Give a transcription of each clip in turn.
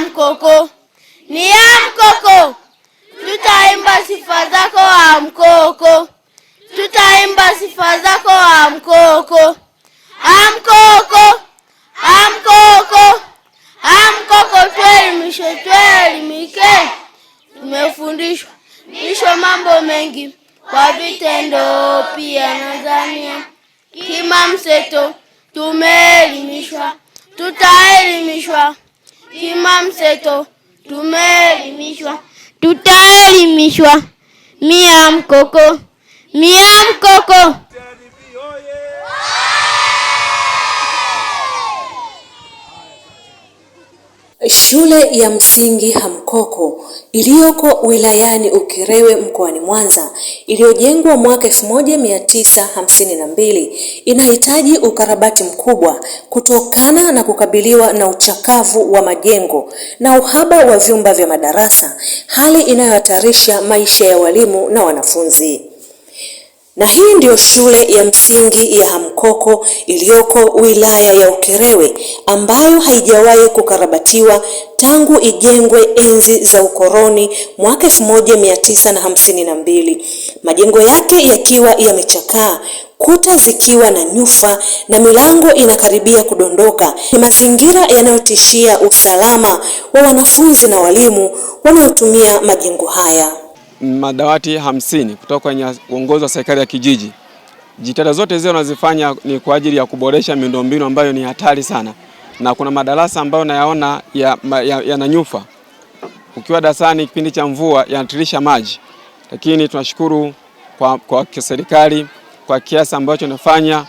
mkoko, ni ya mkoko. Tutaimba sifa zako wa mkoko, tutaimba sifa zako wa mkoko, amkoko, amkoko, amkoko. Tuelimishe, tuelimike, tumefundishwa isho mambo mengi kwa vitendo, pia nadhania kima mseto tumeelimishwa, tutaelimishwa. Kima mseto tumeelimishwa, tutaelimishwa. Mia mkoko, mia mkoko. Shule ya msingi Hamkoko iliyoko wilayani Ukerewe mkoani Mwanza iliyojengwa mwaka 1952 inahitaji ukarabati mkubwa kutokana na kukabiliwa na uchakavu wa majengo na uhaba wa vyumba vya madarasa, hali inayohatarisha maisha ya walimu na wanafunzi. Na hii ndiyo shule ya msingi ya Hamkoko iliyoko wilaya ya Ukerewe ambayo haijawahi kukarabatiwa tangu ijengwe enzi za ukoloni mwaka elfu moja mia tisa na hamsini na mbili, majengo yake yakiwa yamechakaa, kuta zikiwa na nyufa na milango inakaribia kudondoka. Ni mazingira yanayotishia usalama wa wanafunzi na walimu wanaotumia majengo haya madawati hamsini kutoka kwenye uongozi wa serikali ya kijiji. Jitihada zote zile wanazifanya ni kwa ajili ya kuboresha miundombinu ambayo ni hatari sana, na kuna madarasa ambayo nayaona yananyufa ya, ya ukiwa darasani kipindi cha mvua yanatirisha maji, lakini tunashukuru kwa, kwa serikali kwa kiasi ambacho inafanya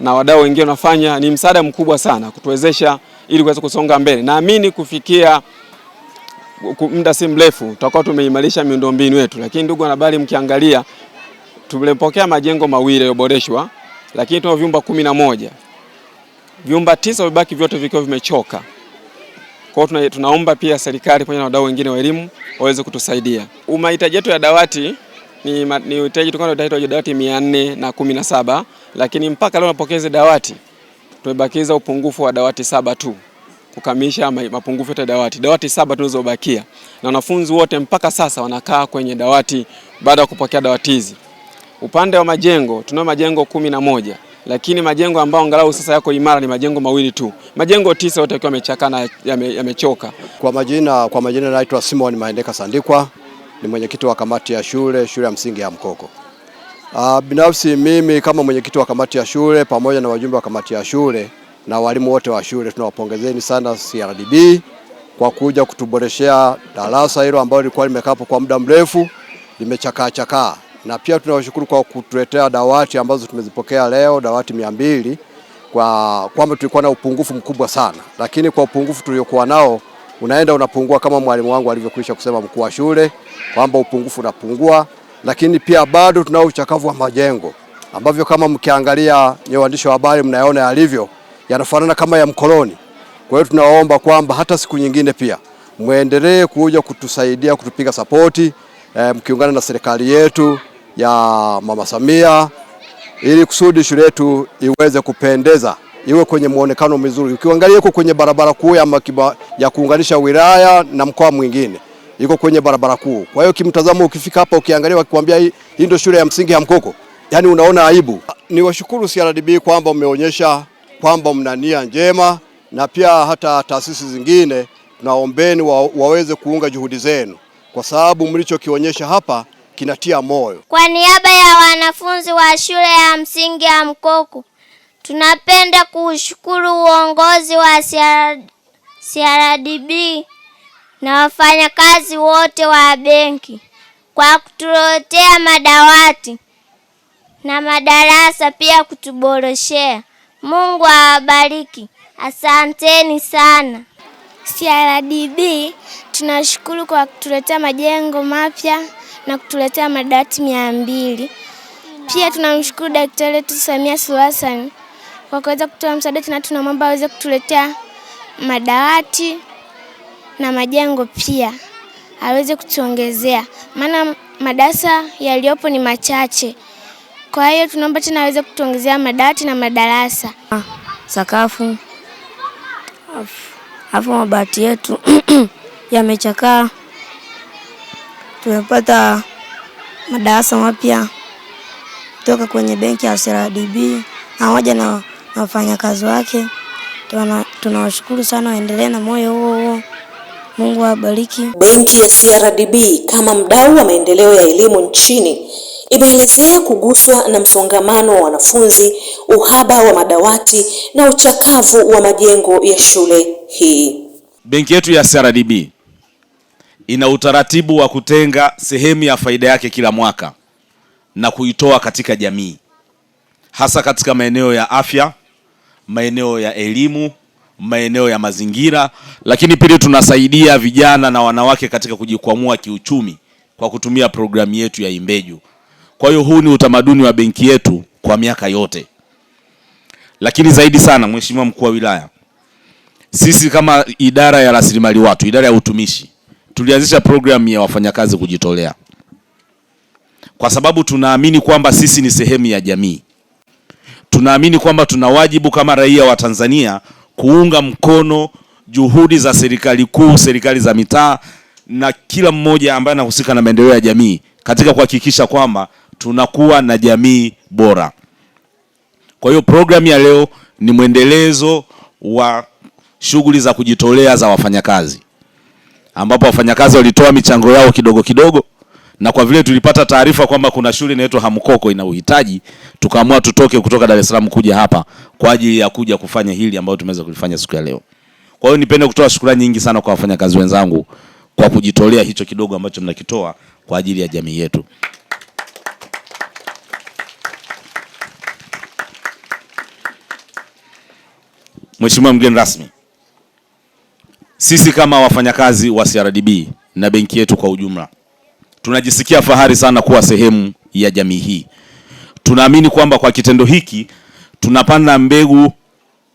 na wadau wengine wanafanya, ni msaada mkubwa sana kutuwezesha ili kuweza kusonga mbele. Naamini kufikia muda si mrefu tutakuwa tumeimarisha miundombinu yetu. Lakini ndugu wanahabari, mkiangalia tumepokea majengo mawili yaliyoboreshwa, lakini tuna vyumba kumi na moja, vyumba tisa vibaki vyote vikiwa vimechoka. Kwa hiyo tunaomba pia serikali pamoja na wadau wengine wa elimu waweze kutusaidia. Mahitaji yetu ya dawati ni uhitaji tukao dawati na kumi saba, lakini mpaka leo napokeze dawati tumebakiza upungufu wa dawati saba tu kukamilisha mapungufu yote dawati dawati saba tulizobakia, na wanafunzi wote mpaka sasa wanakaa kwenye dawati baada ya kupokea dawati hizi. Upande wa majengo tunao majengo kumi na moja lakini majengo ambayo angalau sasa yako imara ni majengo mawili tu, majengo tisa yote yakiwa yamechakaa na yamechoka ya Kwa majina kwa majina naitwa Simon Maendeka Sandikwa, ni mwenyekiti wa kamati ya shule shule ya msingi ya Mkoko. Uh, binafsi mimi kama mwenyekiti wa kamati ya shule pamoja na wajumbe wa kamati ya shule na walimu wote wa shule tunawapongezeni sana CRDB kwa kuja kutuboreshea darasa hilo ambalo lilikuwa limekaa kwa muda mrefu limechakaa chakaa, na pia tunawashukuru kwa kutuletea dawati ambazo tumezipokea leo, dawati mia mbili kwa kwamba tulikuwa na upungufu mkubwa sana, lakini kwa upungufu tuliokuwa nao unaenda unapungua, kama mwalimu wangu alivyokwisha kusema, mkuu wa shule kwamba upungufu unapungua, lakini pia bado tunao uchakavu wa majengo ambavyo kama mkiangalia, nyewe waandishi wa habari, mnayaona yalivyo yanafanana kama ya mkoloni. Kwa hiyo tunaomba kwamba hata siku nyingine pia mwendelee kuja kutusaidia kutupiga sapoti e, eh, mkiungana na serikali yetu ya Mama Samia ili kusudi shule yetu iweze kupendeza iwe kwenye muonekano mzuri. Ukiangalia iko kwenye barabara kuu ya, ya kuunganisha wilaya na mkoa mwingine, iko kwenye barabara kuu. Kwa hiyo kimtazamo, ukifika hapa ukiangalia, wakikwambia hii ndio shule ya msingi ya Mkoko, yani unaona aibu. Niwashukuru CRDB kwamba umeonyesha kwamba mna nia njema, na pia hata taasisi zingine tunaombeni wa, waweze kuunga juhudi zenu, kwa sababu mlichokionyesha hapa kinatia moyo. Kwa niaba ya wanafunzi wa shule ya msingi ya Mkoko, tunapenda kuushukuru uongozi wa CRDB na wafanyakazi wote wa benki kwa kutuletea madawati na madarasa, pia kutuboroshea Mungu awabariki, asanteni sana. CRDB tunashukuru kwa kutuletea majengo mapya na kutuletea madawati mia mbili. Pia tunamshukuru daktari wetu Samia Suluhu Hassan kwa kuweza kutoa msaada tena, tunamwomba aweze kutuletea madawati na majengo pia aweze kutuongezea, maana madarasa yaliyopo ni machache. Kwa hiyo tunaomba tena aweze kutuongezea madawati na madarasa, ah, sakafu. Alafu mabati yetu yamechakaa, tumepata madarasa mapya kutoka kwenye benki ya CRDB pamoja na wafanyakazi wake. Tunawashukuru sana, waendelee na moyo huo huo. Mungu awabariki. Benki ya CRDB kama mdau wa maendeleo ya elimu nchini Imeelezea kuguswa na msongamano wa wanafunzi, uhaba wa madawati na uchakavu wa majengo ya shule hii. Benki yetu ya CRDB ina utaratibu wa kutenga sehemu ya faida yake kila mwaka na kuitoa katika jamii, hasa katika maeneo ya afya, maeneo ya elimu, maeneo ya mazingira, lakini pili tunasaidia vijana na wanawake katika kujikwamua kiuchumi kwa kutumia programu yetu ya Imbeju. Kwa hiyo huu ni utamaduni wa benki yetu kwa miaka yote, lakini zaidi sana, Mheshimiwa Mkuu wa Wilaya, sisi kama idara ya rasilimali watu, idara ya utumishi, tulianzisha programu ya wafanyakazi kujitolea kwa sababu tunaamini kwamba sisi ni sehemu ya jamii. Tunaamini kwamba tuna wajibu kama raia wa Tanzania kuunga mkono juhudi za serikali kuu, serikali za mitaa na kila mmoja ambaye anahusika na maendeleo ya jamii katika kuhakikisha kwamba tunakuwa na jamii bora. Kwa hiyo programu ya leo ni mwendelezo wa shughuli za kujitolea za wafanyakazi, ambapo wafanyakazi walitoa michango yao kidogo kidogo, na kwa vile tulipata taarifa kwamba kuna shule inaitwa Hamkoko ina uhitaji, tukaamua tutoke kutoka Dar es Salaam kuja hapa kwa ajili ya kuja kufanya hili ambayo tumeweza kulifanya siku ya leo. Kwa hiyo nipende kutoa shukrani nyingi sana kwa wafanyakazi wenzangu kwa kujitolea hicho kidogo ambacho mnakitoa kwa ajili ya jamii yetu. Mheshimiwa mgeni rasmi, sisi kama wafanyakazi wa CRDB na benki yetu kwa ujumla tunajisikia fahari sana kuwa sehemu ya jamii hii. Tunaamini kwamba kwa kitendo hiki tunapanda mbegu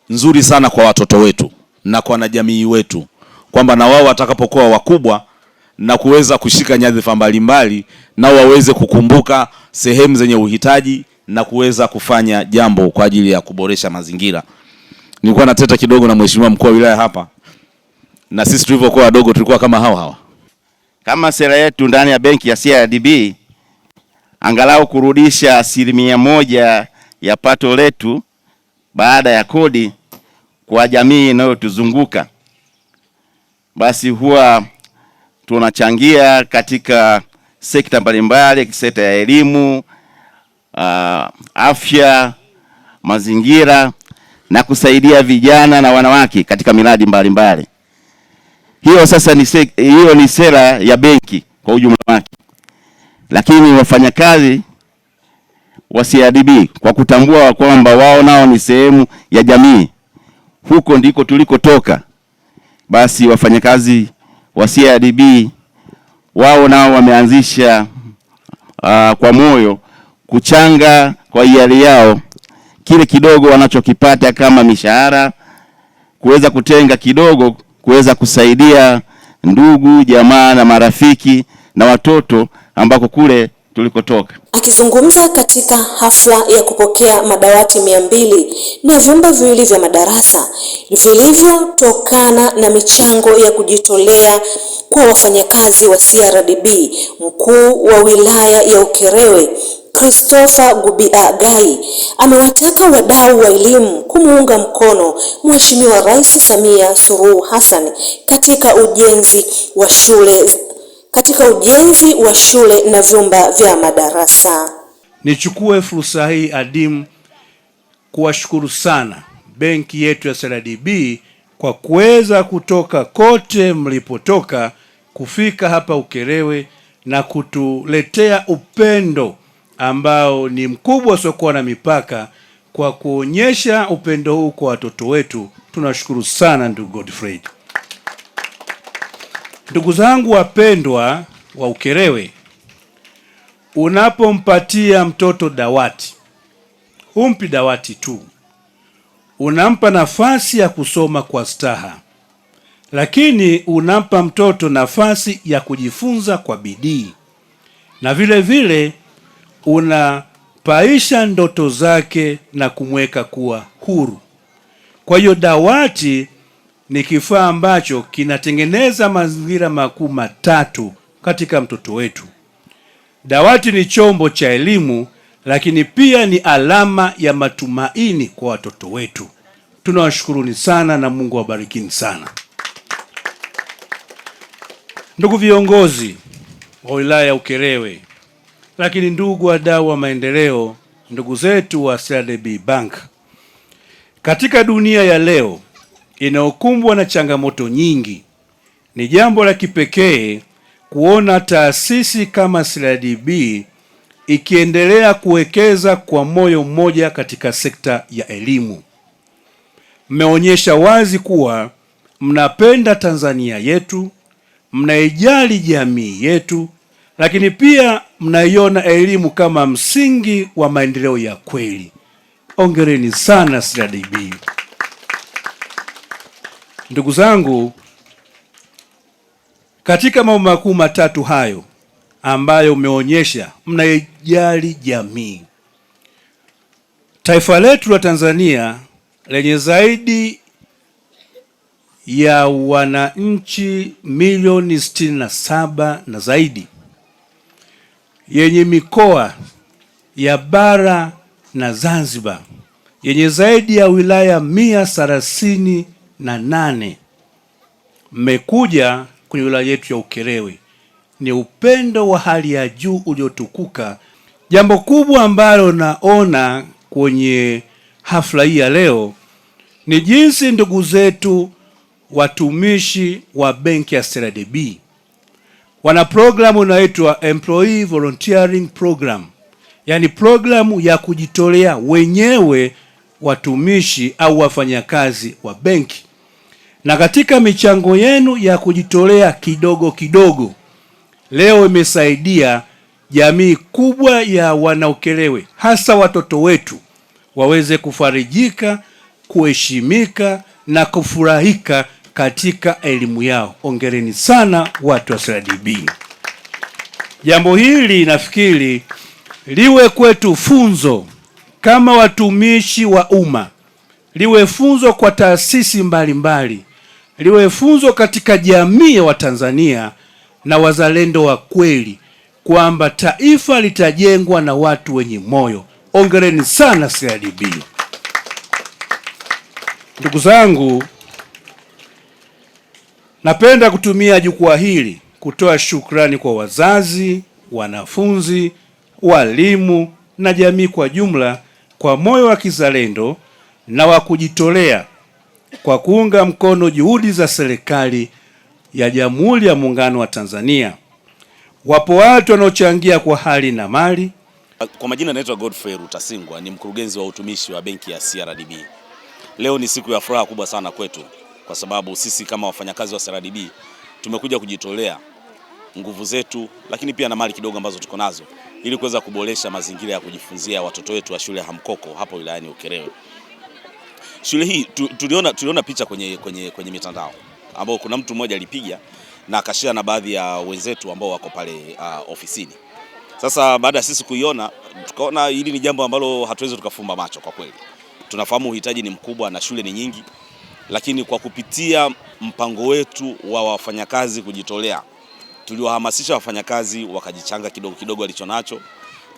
nzuri sana kwa watoto wetu na kwa wanajamii wetu, kwamba na wao watakapokuwa wakubwa na kuweza kushika nyadhifa mbalimbali, nao waweze kukumbuka sehemu zenye uhitaji na kuweza kufanya jambo kwa ajili ya kuboresha mazingira. Nilikuwa nateta kidogo na mheshimiwa mkuu wa wilaya hapa, na sisi tulivyokuwa wadogo tulikuwa kama hawa hawa. Kama sera yetu ndani ya benki ya CRDB angalau kurudisha asilimia moja ya pato letu baada ya kodi kwa jamii inayotuzunguka, basi huwa tunachangia katika sekta mbalimbali, sekta ya elimu, uh, afya, mazingira na kusaidia vijana na wanawake katika miradi mbalimbali. Hiyo sasa ni se, hiyo ni sera ya benki kwa ujumla wake, lakini wafanyakazi wa wasiadhibiwe kwa kutambua kwamba wao nao ni sehemu ya jamii, huko ndiko tulikotoka. Basi wafanyakazi wasiadhibiwe, wao nao wameanzisha uh, kwa moyo kuchanga kwa hiari yao kile kidogo wanachokipata kama mishahara, kuweza kutenga kidogo kuweza kusaidia ndugu jamaa na marafiki na watoto ambako kule tulikotoka. Akizungumza katika hafla ya kupokea madawati mia mbili na vyumba viwili vya madarasa vilivyotokana na michango ya kujitolea kwa wafanyakazi wa CRDB, mkuu wa wilaya ya Ukerewe Christopher Gubiagai amewataka wadau wa elimu kumuunga mkono Mheshimiwa Rais Samia Suluhu Hassan katika ujenzi wa shule katika ujenzi wa shule na vyumba vya madarasa. Nichukue fursa hii adimu kuwashukuru sana benki yetu ya CRDB kwa kuweza kutoka kote mlipotoka kufika hapa Ukerewe na kutuletea upendo ambao ni mkubwa usiokuwa na mipaka kwa kuonyesha upendo huu kwa watoto wetu. Tunashukuru sana ndugu Godfrey. Ndugu zangu wapendwa wa Ukerewe, unapompatia mtoto dawati, humpi dawati tu, unampa nafasi ya kusoma kwa staha, lakini unampa mtoto nafasi ya kujifunza kwa bidii na vile vile unapaisha ndoto zake na kumweka kuwa huru. Kwa hiyo dawati ni kifaa ambacho kinatengeneza mazingira makuu matatu katika mtoto wetu. Dawati ni chombo cha elimu, lakini pia ni alama ya matumaini kwa watoto wetu. Tunawashukuruni sana na Mungu awabarikini sana. Ndugu viongozi wa wilaya ya Ukerewe, lakini ndugu wadau wa maendeleo, ndugu zetu wa CRDB Bank, katika dunia ya leo inayokumbwa na changamoto nyingi, ni jambo la kipekee kuona taasisi kama CRDB ikiendelea kuwekeza kwa moyo mmoja katika sekta ya elimu. Mmeonyesha wazi kuwa mnapenda Tanzania yetu, mnaijali jamii yetu, lakini pia mnaiona elimu kama msingi wa maendeleo ya kweli. Ongereni sana CRDB. Ndugu zangu, katika mambo makuu matatu hayo ambayo umeonyesha mnaijali jamii, taifa letu la Tanzania lenye zaidi ya wananchi milioni sitini na saba na zaidi yenye mikoa ya bara na Zanzibar yenye zaidi ya wilaya mia thelathini na nane. Mmekuja kwenye wilaya yetu ya Ukerewe. Ni upendo wa hali ya juu uliotukuka. Jambo kubwa ambalo naona kwenye hafla hii ya leo ni jinsi ndugu zetu watumishi wa benki ya CRDB wana programu inaitwa Employee Volunteering Program, yani programu ya kujitolea wenyewe watumishi au wafanyakazi wa benki. Na katika michango yenu ya kujitolea kidogo kidogo, leo imesaidia jamii kubwa ya Wanaukelewe, hasa watoto wetu waweze kufarijika, kuheshimika na kufurahika katika elimu yao. Ongereni sana watu wa CRDB. Jambo hili nafikiri liwe kwetu funzo kama watumishi wa umma, liwe funzo kwa taasisi mbalimbali, liwe funzo katika jamii ya Watanzania na wazalendo wa kweli kwamba taifa litajengwa na watu wenye moyo. Ongereni sana CRDB, ndugu zangu. Napenda kutumia jukwaa hili kutoa shukrani kwa wazazi, wanafunzi, walimu na jamii kwa jumla kwa moyo wa kizalendo na wa kujitolea kwa kuunga mkono juhudi za serikali ya Jamhuri ya Muungano wa Tanzania. Wapo watu wanaochangia kwa hali na mali. Kwa majina naitwa Godfrey Rutasingwa, ni mkurugenzi wa utumishi wa benki ya CRDB. Leo ni siku ya furaha kubwa sana kwetu kwa sababu sisi kama wafanyakazi wa CRDB tumekuja kujitolea nguvu zetu, lakini pia na mali kidogo ambazo tuko nazo ili kuweza kuboresha mazingira ya kujifunzia watoto wetu wa shule ya Hamkoko hapo wilayani Ukerewe. Shule hii tuliona, tuliona picha kwenye, kwenye, kwenye mitandao ambao kuna mtu mmoja alipiga na akashia na baadhi ya wenzetu ambao wako pale uh, ofisini. Sasa baada ya sisi kuiona tukaona hili ni jambo ambalo hatuwezi tukafumba macho. Kwa kweli tunafahamu uhitaji ni mkubwa na shule ni nyingi lakini kwa kupitia mpango wetu wa wafanyakazi kujitolea tuliwahamasisha wafanyakazi wakajichanga kidogo kidogo walichonacho,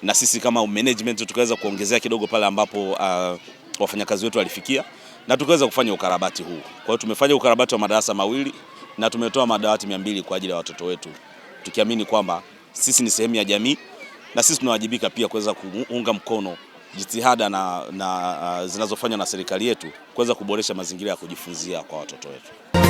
na sisi kama management tukaweza kuongezea kidogo pale ambapo uh, wafanyakazi wetu walifikia, na tukaweza kufanya ukarabati huu. Kwa hiyo tumefanya ukarabati wa madarasa mawili na tumetoa madawati mia mbili kwa ajili ya watoto wetu, tukiamini kwamba sisi ni sehemu ya jamii na sisi tunawajibika pia kuweza kuunga mkono jitihada na, na uh, zinazofanywa na serikali yetu kuweza kuboresha mazingira ya kujifunzia kwa watoto wetu.